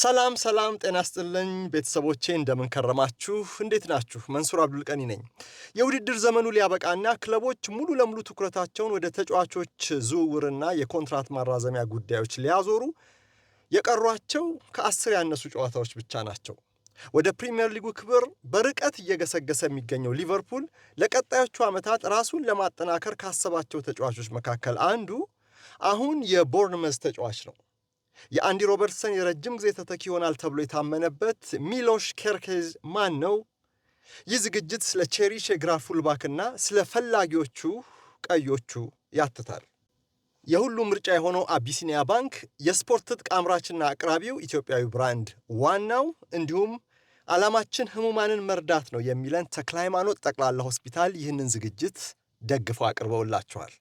ሰላም ሰላም፣ ጤና ስጥልኝ ቤተሰቦቼ፣ እንደምንከረማችሁ፣ እንዴት ናችሁ? መንሱር አብዱልቀኒ ነኝ። የውድድር ዘመኑ ሊያበቃና ክለቦች ሙሉ ለሙሉ ትኩረታቸውን ወደ ተጫዋቾች ዝውውርና የኮንትራት ማራዘሚያ ጉዳዮች ሊያዞሩ የቀሯቸው ከአስር ያነሱ ጨዋታዎች ብቻ ናቸው። ወደ ፕሪምየር ሊጉ ክብር በርቀት እየገሰገሰ የሚገኘው ሊቨርፑል ለቀጣዮቹ ዓመታት ራሱን ለማጠናከር ካሰባቸው ተጫዋቾች መካከል አንዱ አሁን የቦርንመዝ ተጫዋች ነው። የአንዲ ሮበርትሰን የረጅም ጊዜ ተተኪ ይሆናል ተብሎ የታመነበት ሚሎሽ ኬርኬዝ ማን ነው? ይህ ዝግጅት ስለ ቼሪሽ የግራ ፉልባክና ስለ ፈላጊዎቹ ቀዮቹ ያትታል። የሁሉ ምርጫ የሆነው አቢሲኒያ ባንክ የስፖርት ትጥቅ አምራችና አቅራቢው ኢትዮጵያዊ ብራንድ ዋናው፣ እንዲሁም ዓላማችን ህሙማንን መርዳት ነው የሚለን ተክለ ሃይማኖት ጠቅላላ ሆስፒታል ይህንን ዝግጅት ደግፎ አቅርበውላቸዋል።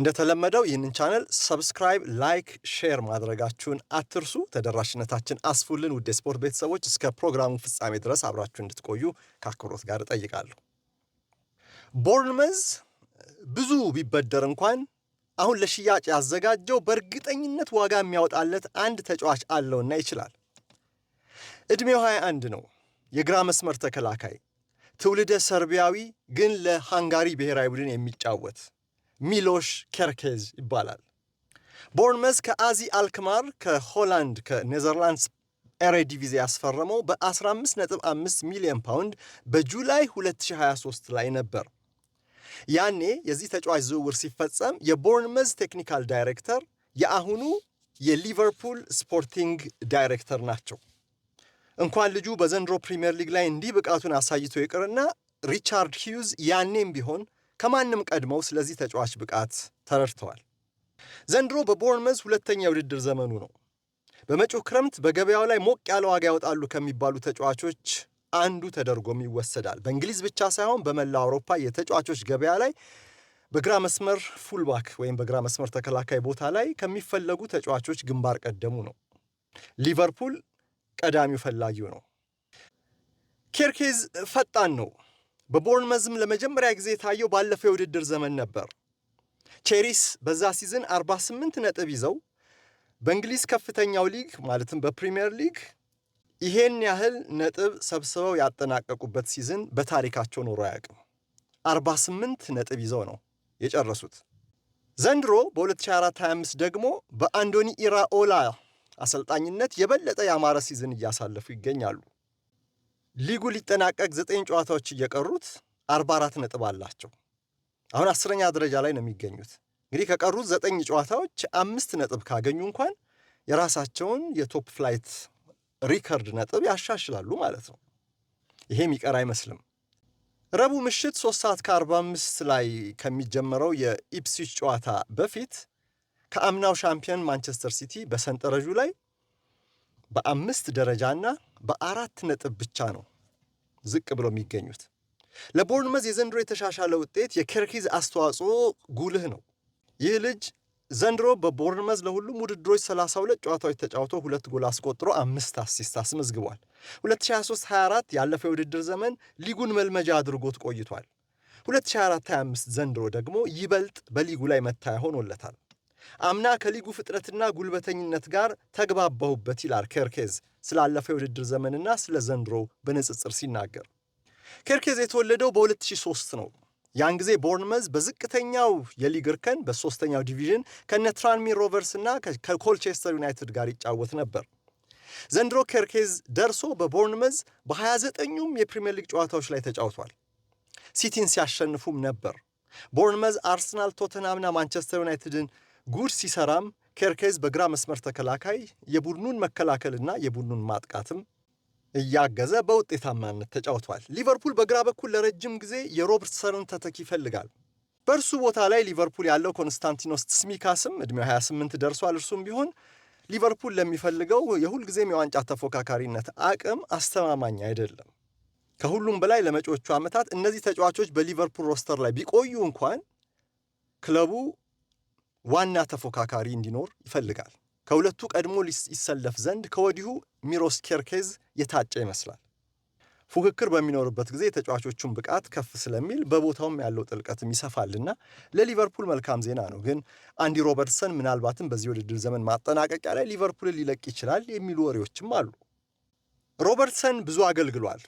እንደተለመደው ይህንን ቻነል ሰብስክራይብ፣ ላይክ፣ ሼር ማድረጋችሁን አትርሱ። ተደራሽነታችን አስፉልን። ውድ የስፖርት ቤተሰቦች እስከ ፕሮግራሙ ፍጻሜ ድረስ አብራችሁ እንድትቆዩ ከአክብሮት ጋር እጠይቃለሁ። ቦርንመዝ ብዙ ቢበደር እንኳን አሁን ለሽያጭ ያዘጋጀው በእርግጠኝነት ዋጋ የሚያወጣለት አንድ ተጫዋች አለውና ይችላል። ዕድሜው 21 ነው። የግራ መስመር ተከላካይ ትውልደ ሰርቢያዊ ግን ለሃንጋሪ ብሔራዊ ቡድን የሚጫወት ሚሎሽ ኬርኬዝ ይባላል። ቦርንመዝ ከአዚ አልክማር ከሆላንድ ከኔዘርላንድስ ኤሬዲቪዜ ያስፈረመው በ15.5 ሚሊዮን ፓውንድ በጁላይ 2023 ላይ ነበር። ያኔ የዚህ ተጫዋች ዝውውር ሲፈጸም የቦርንመዝ ቴክኒካል ዳይሬክተር የአሁኑ የሊቨርፑል ስፖርቲንግ ዳይሬክተር ናቸው። እንኳን ልጁ በዘንድሮ ፕሪምየር ሊግ ላይ እንዲህ ብቃቱን አሳይቶ ይቅርና ሪቻርድ ሂውዝ ያኔም ቢሆን ከማንም ቀድመው ስለዚህ ተጫዋች ብቃት ተረድተዋል። ዘንድሮ በቦርንመዝ ሁለተኛ የውድድር ዘመኑ ነው። በመጪው ክረምት በገበያው ላይ ሞቅ ያለ ዋጋ ያወጣሉ ከሚባሉ ተጫዋቾች አንዱ ተደርጎም ይወሰዳል። በእንግሊዝ ብቻ ሳይሆን በመላው አውሮፓ የተጫዋቾች ገበያ ላይ በግራ መስመር ፉልባክ ወይም በግራ መስመር ተከላካይ ቦታ ላይ ከሚፈለጉ ተጫዋቾች ግንባር ቀደሙ ነው። ሊቨርፑል ቀዳሚው ፈላጊው ነው። ኬርኬዝ ፈጣን ነው። በቦርንመዝም ለመጀመሪያ ጊዜ የታየው ባለፈው የውድድር ዘመን ነበር። ቼሪስ በዛ ሲዝን 48 ነጥብ ይዘው በእንግሊዝ ከፍተኛው ሊግ ማለትም በፕሪምየር ሊግ ይሄን ያህል ነጥብ ሰብስበው ያጠናቀቁበት ሲዝን በታሪካቸው ኖሮ አያውቅም። 48 ነጥብ ይዘው ነው የጨረሱት። ዘንድሮ በ2024/25 ደግሞ በአንዶኒ ኢራኦላ አሰልጣኝነት የበለጠ የአማረ ሲዝን እያሳለፉ ይገኛሉ። ሊጉ ሊጠናቀቅ ዘጠኝ ጨዋታዎች እየቀሩት አርባ አራት ነጥብ አላቸው። አሁን አስረኛ ደረጃ ላይ ነው የሚገኙት። እንግዲህ ከቀሩት ዘጠኝ ጨዋታዎች አምስት ነጥብ ካገኙ እንኳን የራሳቸውን የቶፕ ፍላይት ሪከርድ ነጥብ ያሻሽላሉ ማለት ነው። ይሄ የሚቀር አይመስልም። ረቡዕ ምሽት ሶስት ሰዓት ከ45 ላይ ከሚጀመረው የኢፕስዊች ጨዋታ በፊት ከአምናው ሻምፒዮን ማንቸስተር ሲቲ በሰንጠረዡ ላይ በአምስት ደረጃና በአራት ነጥብ ብቻ ነው ዝቅ ብሎ የሚገኙት። ለቦርንመዝ የዘንድሮ የተሻሻለ ውጤት የኬርኪዝ አስተዋጽኦ ጉልህ ነው። ይህ ልጅ ዘንድሮ በቦርንመዝ ለሁሉም ውድድሮች 32 ጨዋታዎች ተጫውቶ ሁለት ጎል አስቆጥሮ አምስት አሲስት አስመዝግቧል። 2023/24 ያለፈው የውድድር ዘመን ሊጉን መልመጃ አድርጎት ቆይቷል። 2024/25 ዘንድሮ ደግሞ ይበልጥ በሊጉ ላይ መታያ ሆኖለታል። አምና ከሊጉ ፍጥረትና ጉልበተኝነት ጋር ተግባባሁበት ይላል ኬርኬዝ ስላለፈው የውድድር ዘመንና ስለ ዘንድሮ በንጽጽር ሲናገር። ኬርኬዝ የተወለደው በ2003 ነው። ያን ጊዜ ቦርንመዝ በዝቅተኛው የሊግ እርከን በሶስተኛው ዲቪዥን ከነ ትራንሚር ሮቨርስ እና ከኮልቸስተር ዩናይትድ ጋር ይጫወት ነበር። ዘንድሮ ኬርኬዝ ደርሶ በቦርንመዝ በ29ኙም የፕሪምየር ሊግ ጨዋታዎች ላይ ተጫውቷል። ሲቲን ሲያሸንፉም ነበር። ቦርንመዝ አርሰናል፣ ቶተንሃምና ማንቸስተር ዩናይትድን ጉድ ሲሰራም ኬርኬዝ በግራ መስመር ተከላካይ የቡድኑን መከላከልና የቡድኑን ማጥቃትም እያገዘ በውጤታማነት ተጫውቷል። ሊቨርፑል በግራ በኩል ለረጅም ጊዜ የሮበርትሰንን ተተኪ ይፈልጋል። በእርሱ ቦታ ላይ ሊቨርፑል ያለው ኮንስታንቲኖስ ትስሚካስም እድሜው 28 ደርሷል። እርሱም ቢሆን ሊቨርፑል ለሚፈልገው የሁልጊዜም የዋንጫ ተፎካካሪነት አቅም አስተማማኝ አይደለም። ከሁሉም በላይ ለመጪዎቹ ዓመታት እነዚህ ተጫዋቾች በሊቨርፑል ሮስተር ላይ ቢቆዩ እንኳን ክለቡ ዋና ተፎካካሪ እንዲኖር ይፈልጋል። ከሁለቱ ቀድሞ ይሰለፍ ዘንድ ከወዲሁ ሚሮስ ኬርኬዝ የታጨ ይመስላል። ፉክክር በሚኖርበት ጊዜ የተጫዋቾቹን ብቃት ከፍ ስለሚል በቦታውም ያለው ጥልቀትም ይሰፋልና ለሊቨርፑል መልካም ዜና ነው። ግን አንዲ ሮበርትሰን ምናልባትም በዚህ ውድድር ዘመን ማጠናቀቂያ ላይ ሊቨርፑልን ሊለቅ ይችላል የሚሉ ወሬዎችም አሉ። ሮበርትሰን ብዙ አገልግሏል።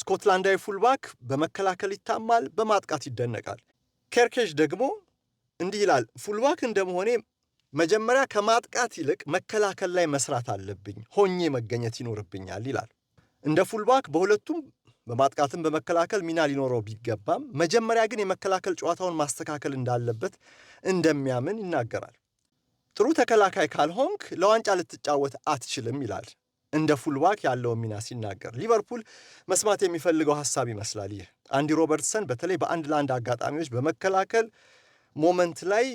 ስኮትላንዳዊ ፉልባክ በመከላከል ይታማል፣ በማጥቃት ይደነቃል። ኬርኬዥ ደግሞ እንዲህ ይላል፣ ፉልባክ እንደመሆኔ መጀመሪያ ከማጥቃት ይልቅ መከላከል ላይ መስራት አለብኝ፣ ሆኜ መገኘት ይኖርብኛል ይላል። እንደ ፉልባክ በሁለቱም በማጥቃትም በመከላከል ሚና ሊኖረው ቢገባም መጀመሪያ ግን የመከላከል ጨዋታውን ማስተካከል እንዳለበት እንደሚያምን ይናገራል። ጥሩ ተከላካይ ካልሆንክ ለዋንጫ ልትጫወት አትችልም ይላል። እንደ ፉልባክ ያለውን ሚና ሲናገር ሊቨርፑል መስማት የሚፈልገው ሀሳብ ይመስላል። ይህ አንዲ ሮበርትሰን በተለይ በአንድ ለአንድ አጋጣሚዎች በመከላከል ሞመንት ላይ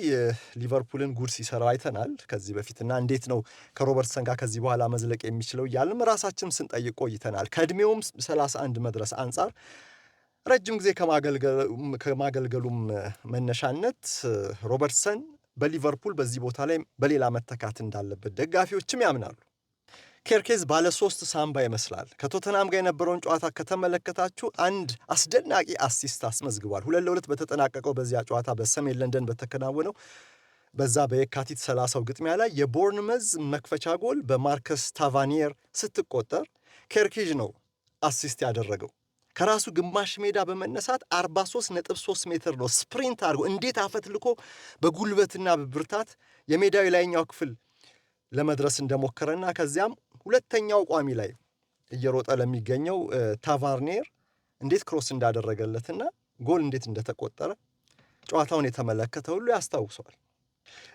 ሊቨርፑልን ጉድ ሲሰራው አይተናል ከዚህ በፊትና እንዴት ነው ከሮበርትሰን ጋር ከዚህ በኋላ መዝለቅ የሚችለው እያልም ራሳችን ስንጠይቅ ቆይተናል። ከእድሜውም 31 መድረስ አንጻር ረጅም ጊዜ ከማገልገሉም መነሻነት ሮበርትሰን በሊቨርፑል በዚህ ቦታ ላይ በሌላ መተካት እንዳለበት ደጋፊዎችም ያምናሉ። ኬርኬዝ ባለ ሶስት ሳምባ ይመስላል። ከቶተናም ጋር የነበረውን ጨዋታ ከተመለከታችሁ አንድ አስደናቂ አሲስት አስመዝግቧል። ሁለት ለሁለት በተጠናቀቀው በዚያ ጨዋታ በሰሜን ለንደን በተከናወነው በዛ በየካቲት 30 ግጥሚያ ላይ የቦርንመዝ መክፈቻ ጎል በማርከስ ታቫኒየር ስትቆጠር ኬርኬዥ ነው አሲስት ያደረገው። ከራሱ ግማሽ ሜዳ በመነሳት 43.3 ሜትር ነው ስፕሪንት አድርጎ እንዴት አፈትልኮ በጉልበትና በብርታት የሜዳው ላይኛው ክፍል ለመድረስ እንደሞከረና ከዚያም ሁለተኛው ቋሚ ላይ እየሮጠ ለሚገኘው ታቫርኔር እንዴት ክሮስ እንዳደረገለትና ጎል እንዴት እንደተቆጠረ ጨዋታውን የተመለከተ ሁሉ ያስታውሰዋል።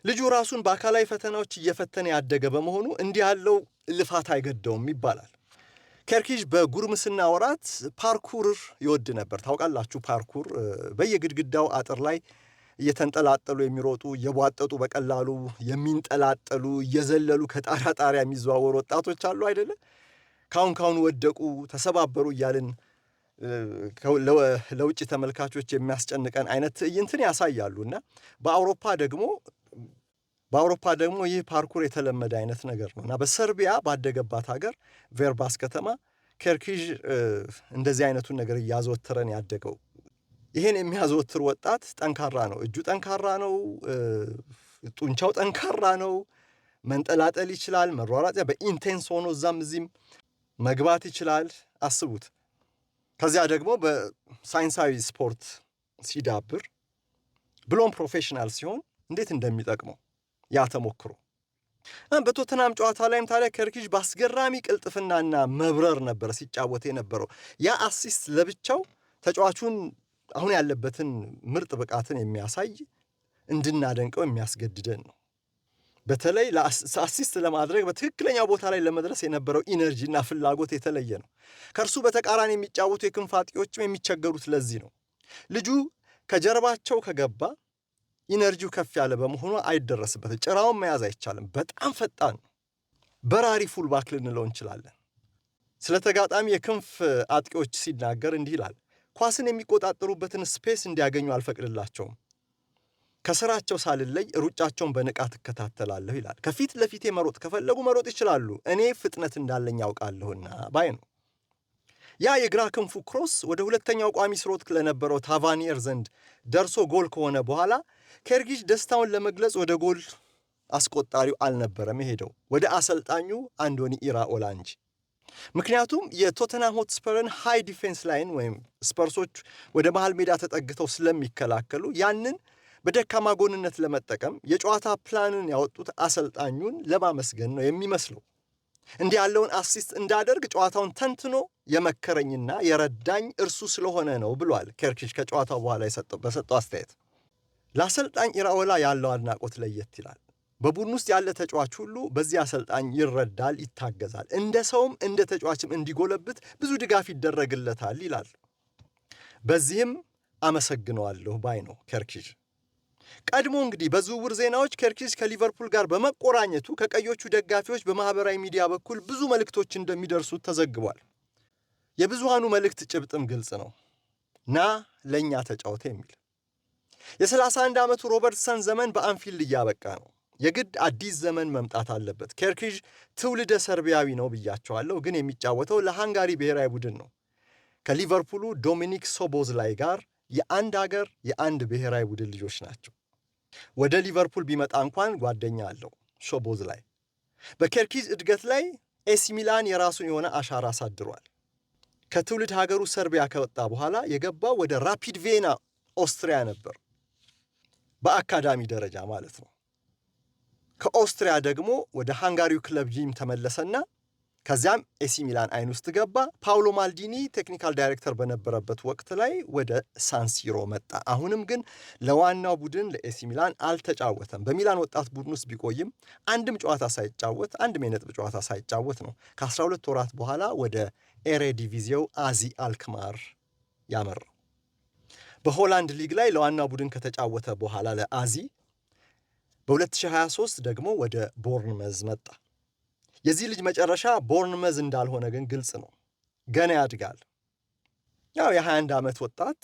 ልጁ ራሱን በአካላዊ ፈተናዎች እየፈተነ ያደገ በመሆኑ እንዲህ ያለው ልፋት አይገደውም ይባላል። ኬርኪዥ በጉርምስና ወራት ፓርኩር ይወድ ነበር። ታውቃላችሁ፣ ፓርኩር በየግድግዳው አጥር ላይ እየተንጠላጠሉ የሚሮጡ እየቧጠጡ በቀላሉ የሚንጠላጠሉ እየዘለሉ ከጣሪያ ጣሪያ የሚዘዋወሩ ወጣቶች አሉ አይደለም። ካሁን ካሁን ወደቁ ተሰባበሩ እያልን ለውጭ ተመልካቾች የሚያስጨንቀን አይነት ትዕይንትን ያሳያሉ እና በአውሮፓ ደግሞ በአውሮፓ ደግሞ ይህ ፓርኩር የተለመደ አይነት ነገር ነው እና በሰርቢያ ባደገባት ሀገር ቬርባስ ከተማ ኬርኪዥ እንደዚህ አይነቱን ነገር እያዘወተረን ያደገው ይሄን የሚያዘወትር ወጣት ጠንካራ ነው። እጁ ጠንካራ ነው። ጡንቻው ጠንካራ ነው። መንጠላጠል ይችላል። መሯራጫ በኢንቴንስ ሆኖ እዛም እዚህም መግባት ይችላል። አስቡት። ከዚያ ደግሞ በሳይንሳዊ ስፖርት ሲዳብር ብሎም ፕሮፌሽናል ሲሆን እንዴት እንደሚጠቅመው ያ ተሞክሮ በቶተናም ጨዋታ ላይም ታዲያ ከርኪጅ በአስገራሚ ቅልጥፍናና መብረር ነበረ ሲጫወት የነበረው። ያ አሲስት ለብቻው ተጫዋቹን አሁን ያለበትን ምርጥ ብቃትን የሚያሳይ እንድናደንቀው የሚያስገድደን ነው። በተለይ አሲስት ለማድረግ በትክክለኛው ቦታ ላይ ለመድረስ የነበረው ኢነርጂ እና ፍላጎት የተለየ ነው። ከእርሱ በተቃራኒ የሚጫወቱ የክንፍ አጥቂዎችም የሚቸገሩት ለዚህ ነው። ልጁ ከጀርባቸው ከገባ ኢነርጂው ከፍ ያለ በመሆኑ አይደረስበትም። ጭራውን መያዝ አይቻልም። በጣም ፈጣን ነው። በራሪ ፉልባክ ልንለው እንችላለን። ስለ ተጋጣሚ የክንፍ አጥቂዎች ሲናገር እንዲህ ይላል። ኳስን የሚቆጣጠሩበትን ስፔስ እንዲያገኙ አልፈቅድላቸውም። ከስራቸው ሳልለይ ሩጫቸውን በንቃት እከታተላለሁ ይላል። ከፊት ለፊቴ መሮጥ ከፈለጉ መሮጥ ይችላሉ፣ እኔ ፍጥነት እንዳለኝ ያውቃለሁና ባይ ነው። ያ የግራ ክንፉ ክሮስ ወደ ሁለተኛው ቋሚ ስሮት ለነበረው ታቫኒየር ዘንድ ደርሶ ጎል ከሆነ በኋላ ኬርጊጅ ደስታውን ለመግለጽ ወደ ጎል አስቆጣሪው አልነበረም የሄደው ወደ አሰልጣኙ አንዶኒ ኢራኦላ እንጂ። ምክንያቱም የቶተናም ሆትስፐርን ሃይ ዲፌንስ ላይን ወይም ስፐርሶች ወደ መሃል ሜዳ ተጠግተው ስለሚከላከሉ ያንን በደካማ ጎንነት ለመጠቀም የጨዋታ ፕላንን ያወጡት አሰልጣኙን ለማመስገን ነው የሚመስለው። እንዲህ ያለውን አሲስት እንዳደርግ ጨዋታውን ተንትኖ የመከረኝና የረዳኝ እርሱ ስለሆነ ነው ብሏል ኬርኪች ከጨዋታው በኋላ በሰጠው አስተያየት። ለአሰልጣኝ ኢራኦላ ያለው አድናቆት ለየት ይላል። በቡድን ውስጥ ያለ ተጫዋች ሁሉ በዚህ አሰልጣኝ ይረዳል፣ ይታገዛል፣ እንደ ሰውም እንደ ተጫዋችም እንዲጎለብት ብዙ ድጋፍ ይደረግለታል ይላል። በዚህም አመሰግነዋለሁ ባይ ነው ኬርኪዝ። ቀድሞ እንግዲህ በዝውውር ዜናዎች ኬርኪዝ ከሊቨርፑል ጋር በመቆራኘቱ ከቀዮቹ ደጋፊዎች በማኅበራዊ ሚዲያ በኩል ብዙ መልእክቶች እንደሚደርሱት ተዘግቧል። የብዙሃኑ መልእክት ጭብጥም ግልጽ ነው። ና ለእኛ ተጫወተ የሚል የ31 ዓመቱ ሮበርትሰን ዘመን በአንፊልድ እያበቃ ነው። የግድ አዲስ ዘመን መምጣት አለበት። ኬርኪዥ ትውልደ ሰርቢያዊ ነው ብያቸዋለሁ፣ ግን የሚጫወተው ለሃንጋሪ ብሔራዊ ቡድን ነው። ከሊቨርፑሉ ዶሚኒክ ሶቦዝላይ ጋር የአንድ አገር የአንድ ብሔራዊ ቡድን ልጆች ናቸው። ወደ ሊቨርፑል ቢመጣ እንኳን ጓደኛ አለው ሶቦዝላይ። በኬርኪዝ እድገት ላይ ኤሲ ሚላን የራሱን የሆነ አሻራ አሳድሯል። ከትውልድ ሀገሩ ሰርቢያ ከወጣ በኋላ የገባው ወደ ራፒድ ቬና ኦስትሪያ ነበር፣ በአካዳሚ ደረጃ ማለት ነው። ከኦስትሪያ ደግሞ ወደ ሃንጋሪው ክለብ ጂም ተመለሰና ከዚያም ኤሲ ሚላን አይን ውስጥ ገባ። ፓውሎ ማልዲኒ ቴክኒካል ዳይሬክተር በነበረበት ወቅት ላይ ወደ ሳንሲሮ መጣ። አሁንም ግን ለዋናው ቡድን ለኤሲ ሚላን አልተጫወተም። በሚላን ወጣት ቡድን ውስጥ ቢቆይም አንድም ጨዋታ ሳይጫወት አንድም የነጥብ ጨዋታ ሳይጫወት ነው ከ12 ወራት በኋላ ወደ ኤሬ ዲቪዚው አዚ አልክማር ያመራው። በሆላንድ ሊግ ላይ ለዋናው ቡድን ከተጫወተ በኋላ ለአዚ በ2023 ደግሞ ወደ ቦርንመዝ መጣ። የዚህ ልጅ መጨረሻ ቦርንመዝ እንዳልሆነ ግን ግልጽ ነው። ገና ያድጋል። ያው የ21 ዓመት ወጣት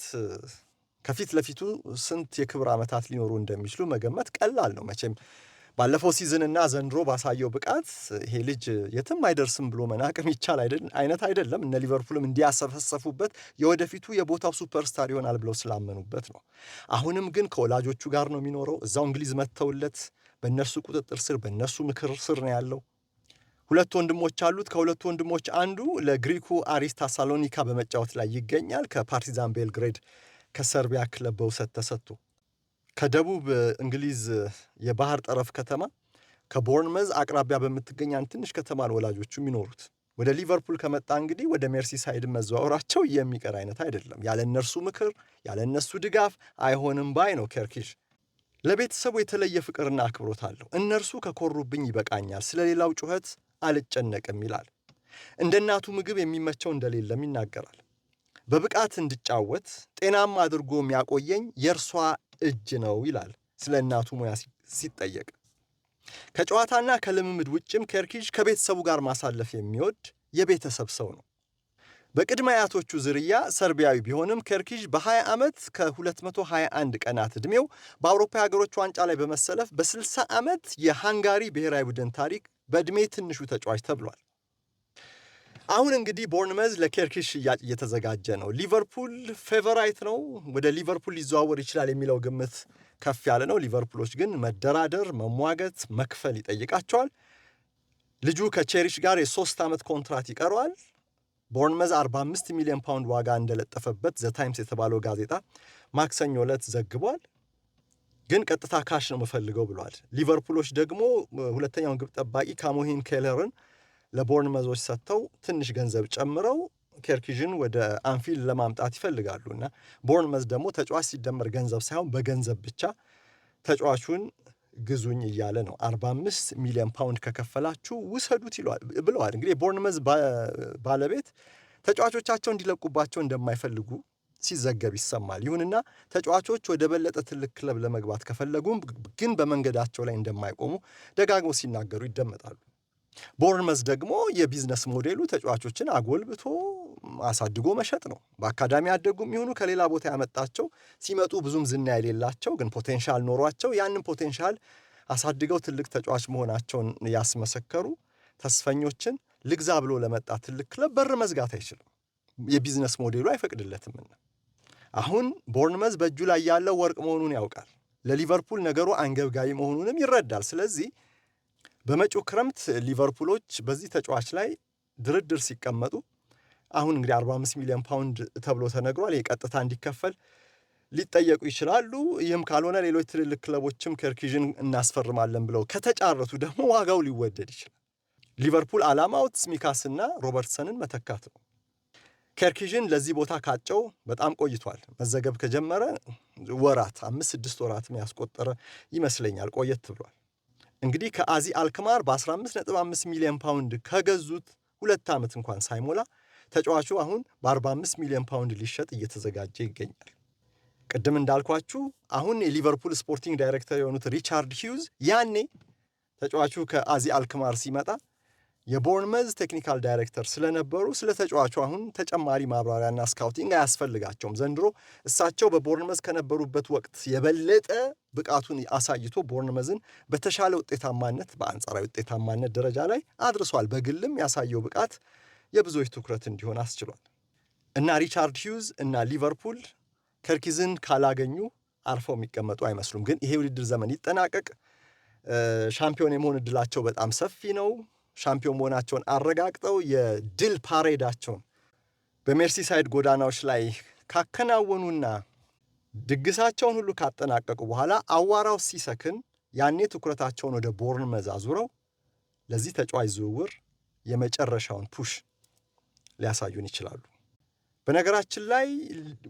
ከፊት ለፊቱ ስንት የክብር ዓመታት ሊኖሩ እንደሚችሉ መገመት ቀላል ነው መቼም ባለፈው ሲዝንና ዘንድሮ ባሳየው ብቃት ይሄ ልጅ የትም አይደርስም ብሎ መናቅም ይቻል አይነት አይደለም። እነ ሊቨርፑልም እንዲያሰፈሰፉበት የወደፊቱ የቦታው ሱፐርስታር ይሆናል ብለው ስላመኑበት ነው። አሁንም ግን ከወላጆቹ ጋር ነው የሚኖረው። እዛው እንግሊዝ መጥተውለት በእነርሱ ቁጥጥር ስር በእነርሱ ምክር ስር ነው ያለው። ሁለት ወንድሞች አሉት። ከሁለቱ ወንድሞች አንዱ ለግሪኩ አሪስ ታሳሎኒካ በመጫወት ላይ ይገኛል። ከፓርቲዛን ቤልግሬድ ከሰርቢያ ክለብ በውሰት ተሰጥቶ ከደቡብ እንግሊዝ የባህር ጠረፍ ከተማ ከቦርንመዝ አቅራቢያ በምትገኝ አንድ ትንሽ ከተማ ነው ወላጆቹ የሚኖሩት። ወደ ሊቨርፑል ከመጣ እንግዲህ ወደ ሜርሲሳይድ መዘዋወራቸው የሚቀር አይነት አይደለም። ያለ እነርሱ ምክር፣ ያለ እነሱ ድጋፍ አይሆንም ባይ ነው ኬርኪሽ። ለቤተሰቡ የተለየ ፍቅርና አክብሮት አለው። እነርሱ ከኮሩብኝ ይበቃኛል፣ ስለ ሌላው ጩኸት አልጨነቅም ይላል። እንደ እናቱ ምግብ የሚመቸው እንደሌለም ይናገራል። በብቃት እንድጫወት ጤናም አድርጎ የሚያቆየኝ የእርሷ እጅ ነው ይላል ስለ እናቱ ሙያ ሲጠየቅ። ከጨዋታና ከልምምድ ውጭም ኬርኪጅ ከቤተሰቡ ጋር ማሳለፍ የሚወድ የቤተሰብ ሰው ነው። በቅድመ አያቶቹ ዝርያ ሰርቢያዊ ቢሆንም ኬርኪዥ በ20 ዓመት ከ221 ቀናት ዕድሜው በአውሮፓ ሀገሮች ዋንጫ ላይ በመሰለፍ በ60 ዓመት የሃንጋሪ ብሔራዊ ቡድን ታሪክ በዕድሜ ትንሹ ተጫዋች ተብሏል። አሁን እንግዲህ ቦርንመዝ ለኬርኪሽ ሽያጭ እየተዘጋጀ ነው። ሊቨርፑል ፌቨራይት ነው፣ ወደ ሊቨርፑል ሊዘዋወር ይችላል የሚለው ግምት ከፍ ያለ ነው። ሊቨርፑሎች ግን መደራደር፣ መሟገት፣ መክፈል ይጠይቃቸዋል። ልጁ ከቼሪሽ ጋር የሶስት ዓመት ኮንትራት ይቀረዋል። ቦርንመዝ 45 ሚሊዮን ፓውንድ ዋጋ እንደለጠፈበት ዘታይምስ የተባለው ጋዜጣ ማክሰኞ ዕለት ዘግቧል። ግን ቀጥታ ካሽ ነው የምፈልገው ብሏል። ሊቨርፑሎች ደግሞ ሁለተኛውን ግብ ጠባቂ ካሞሂን ኬለርን ለቦርንመዞች ሰጥተው ትንሽ ገንዘብ ጨምረው ኬርኪዥን ወደ አንፊል ለማምጣት ይፈልጋሉ እና ቦርንመዝ ደግሞ ተጫዋች ሲደመር ገንዘብ ሳይሆን በገንዘብ ብቻ ተጫዋቹን ግዙኝ እያለ ነው። 45 ሚሊዮን ፓውንድ ከከፈላችሁ ውሰዱት ብለዋል። እንግዲህ መዝ ባለቤት ተጫዋቾቻቸው እንዲለቁባቸው እንደማይፈልጉ ሲዘገብ ይሰማል። ይሁንና ተጫዋቾች ወደ በለጠ ትልቅ ክለብ ለመግባት ከፈለጉም ግን በመንገዳቸው ላይ እንደማይቆሙ ደጋግመው ሲናገሩ ይደመጣሉ። ቦርንመዝ ደግሞ የቢዝነስ ሞዴሉ ተጫዋቾችን አጎልብቶ አሳድጎ መሸጥ ነው። በአካዳሚ ያደጉ የሚሆኑ ከሌላ ቦታ ያመጣቸው ሲመጡ ብዙም ዝና የሌላቸው ግን ፖቴንሻል ኖሯቸው ያንን ፖቴንሻል አሳድገው ትልቅ ተጫዋች መሆናቸውን ያስመሰከሩ ተስፈኞችን ልግዛ ብሎ ለመጣ ትልቅ ክለብ በር መዝጋት አይችልም። የቢዝነስ ሞዴሉ አይፈቅድለትምና አሁን ቦርንመዝ በእጁ ላይ ያለው ወርቅ መሆኑን ያውቃል። ለሊቨርፑል ነገሩ አንገብጋቢ መሆኑንም ይረዳል። ስለዚህ በመጪው ክረምት ሊቨርፑሎች በዚህ ተጫዋች ላይ ድርድር ሲቀመጡ አሁን እንግዲህ 45 ሚሊዮን ፓውንድ ተብሎ ተነግሯል። የቀጥታ እንዲከፈል ሊጠየቁ ይችላሉ። ይህም ካልሆነ ሌሎች ትልልቅ ክለቦችም ከርኪዥን እናስፈርማለን ብለው ከተጫረቱ ደግሞ ዋጋው ሊወደድ ይችላል። ሊቨርፑል ዓላማው ስሚካስና ሮበርትሰንን መተካት ነው። ከርኪዥን ለዚህ ቦታ ካጨው በጣም ቆይቷል። መዘገብ ከጀመረ ወራት አምስት ስድስት ወራትን ያስቆጠረ ይመስለኛል። ቆየት ብሏል። እንግዲህ ከአዚ አልክማር በ15.5 ሚሊዮን ፓውንድ ከገዙት ሁለት ዓመት እንኳን ሳይሞላ ተጫዋቹ አሁን በ45 ሚሊዮን ፓውንድ ሊሸጥ እየተዘጋጀ ይገኛል። ቅድም እንዳልኳችሁ አሁን የሊቨርፑል ስፖርቲንግ ዳይሬክተር የሆኑት ሪቻርድ ሂውዝ ያኔ ተጫዋቹ ከአዚ አልክማር ሲመጣ የቦርንመዝ ቴክኒካል ዳይሬክተር ስለነበሩ ስለ ተጫዋቹ አሁን ተጨማሪ ማብራሪያና ስካውቲንግ አያስፈልጋቸውም። ዘንድሮ እሳቸው በቦርንመዝ ከነበሩበት ወቅት የበለጠ ብቃቱን አሳይቶ ቦርንመዝን በተሻለ ውጤታማነት በአንጻራዊ ውጤታማነት ደረጃ ላይ አድርሷል። በግልም ያሳየው ብቃት የብዙዎች ትኩረት እንዲሆን አስችሏል እና ሪቻርድ ሂውዝ እና ሊቨርፑል ከርኪዝን ካላገኙ አርፈው የሚቀመጡ አይመስሉም። ግን ይሄ ውድድር ዘመን ይጠናቀቅ፣ ሻምፒዮን የመሆን እድላቸው በጣም ሰፊ ነው። ሻምፒዮን መሆናቸውን አረጋግጠው የድል ፓሬዳቸውን በሜርሲሳይድ ጎዳናዎች ላይ ካከናወኑና ድግሳቸውን ሁሉ ካጠናቀቁ በኋላ አዋራው ሲሰክን ያኔ ትኩረታቸውን ወደ ቦርንመዝ አዙረው ለዚህ ተጫዋች ዝውውር የመጨረሻውን ፑሽ ሊያሳዩን ይችላሉ። በነገራችን ላይ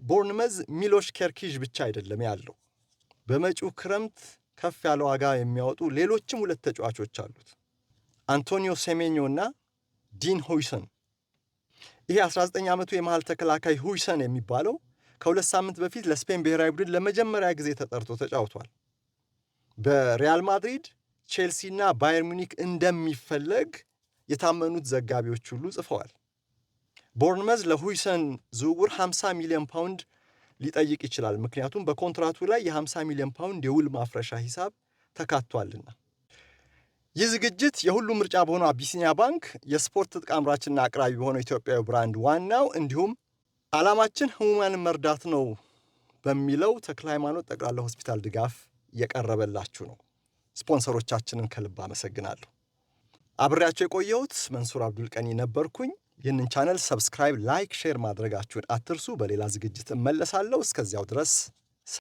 ቦርንመዝ ሚሎሽ ኬርኪዥ ብቻ አይደለም ያለው። በመጪው ክረምት ከፍ ያለ ዋጋ የሚያወጡ ሌሎችም ሁለት ተጫዋቾች አሉት። አንቶኒዮ ሴሜኞ እና ዲን ሁይሰን ይሄ 19 ዓመቱ የመሃል ተከላካይ ሁይሰን የሚባለው ከሁለት ሳምንት በፊት ለስፔን ብሔራዊ ቡድን ለመጀመሪያ ጊዜ ተጠርቶ ተጫውቷል። በሪያል ማድሪድ፣ ቼልሲ እና ባየር ሙኒክ እንደሚፈለግ የታመኑት ዘጋቢዎች ሁሉ ጽፈዋል። ቦርንመዝ ለሁይሰን ዝውውር 50 ሚሊዮን ፓውንድ ሊጠይቅ ይችላል። ምክንያቱም በኮንትራቱ ላይ የ50 ሚሊዮን ፓውንድ የውል ማፍረሻ ሂሳብ ተካቷልና። ይህ ዝግጅት የሁሉ ምርጫ በሆነው አቢሲኒያ ባንክ የስፖርት ትጥቅ አምራችና አቅራቢ በሆነው ኢትዮጵያዊ ብራንድ ዋናው እንዲሁም ዓላማችን ህሙማንን መርዳት ነው በሚለው ተክለ ሃይማኖት ጠቅላላ ሆስፒታል ድጋፍ የቀረበላችሁ ነው። ስፖንሰሮቻችንን ከልብ አመሰግናለሁ። አብሬያቸው የቆየሁት መንሱር አብዱል ቀኒ ነበርኩኝ። ይህንን ቻነል ሰብስክራይብ፣ ላይክ፣ ሼር ማድረጋችሁን አትርሱ። በሌላ ዝግጅት እመለሳለሁ። እስከዚያው ድረስ